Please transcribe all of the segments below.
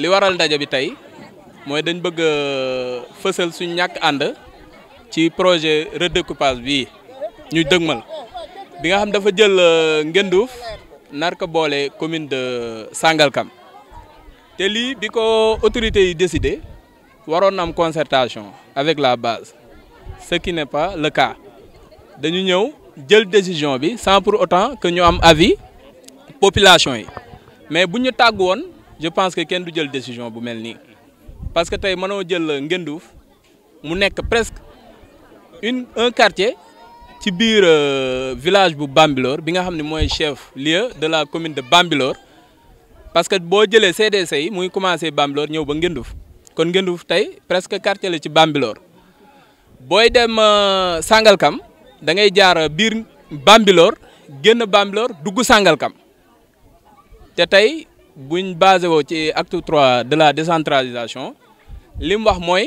li waral daje bi tay moy dañ bëgg euh, a suñ ñak and ci projet redécoupage bi ñu dëgmal bi nga xam dafa jël euh, Ngendouf nar ko commune de euh, Sangalkam té li biko autorité yi décidé waron na am concertation avec la base ce qui n'est pas le cas dañu ñëw jël décision bi sans pour autant que ñu am avis population yi mais bu ñu tàgg je pense que kenn du jël décision bu mel parce que tey mënoo jël Ngendouf mu nekk presque une un quartier ci biir euh, village bu Bambilor bi nga xam ne chef lieu de la commune de Bambilor parce que boo jëlee CDC yi muy commencé Bambilor ñëw ba Ngendouf kon Ngendouf tey presque quartier la ci Bambilor booy dem euh, Sangalkam da ngay jaar euh, biir Bambilor génn Bambilor dugg Sangalkam te tey buñ basé woo ci acte 3 de la décentralisation li mu wax mooy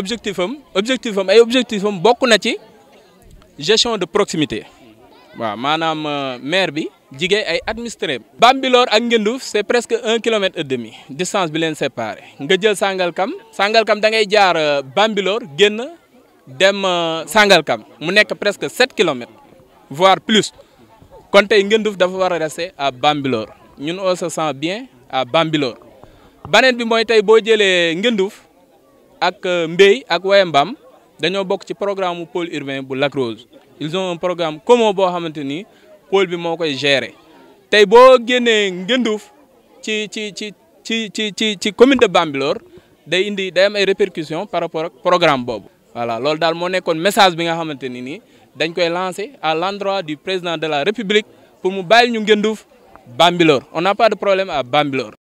objectif objectif et objectif beaucoup gestion de proximité Madame maanaam euh, maire bi jigéen ay administré Bambilor ak Ngendouf c'est presque un kilomètre et demi distance bi séparé nga jël Sangalkam Sangalkam da ngay jaar euh, Bambilor dem euh, Sangalkam mu presque 7 km, voire plus Quand Ngendouf dafa war rester à Bambilor ñun on se sent bien à Bambilor beneen bi moy tay bo jëlee Ngënduf ak euh, mbey ak wayambam dañoo bok ci programme pôle urbain bu Lac Rose ils ont un programme comme boo xamante ni pôle bi moo gérer tay bo génné Ngënduf ci ci ci ci ci ci ci commune de Bambilor day indi day am ay répercussions par rapport ak programme bobu voilà loolu dal mo nekkoon message bi nga xamanteni ni dañ koy lancer à l'endroit du président de la République pour mu bàyyi ñu Ngënduf. Bambilor. On n'a pas de problème à Bambilor.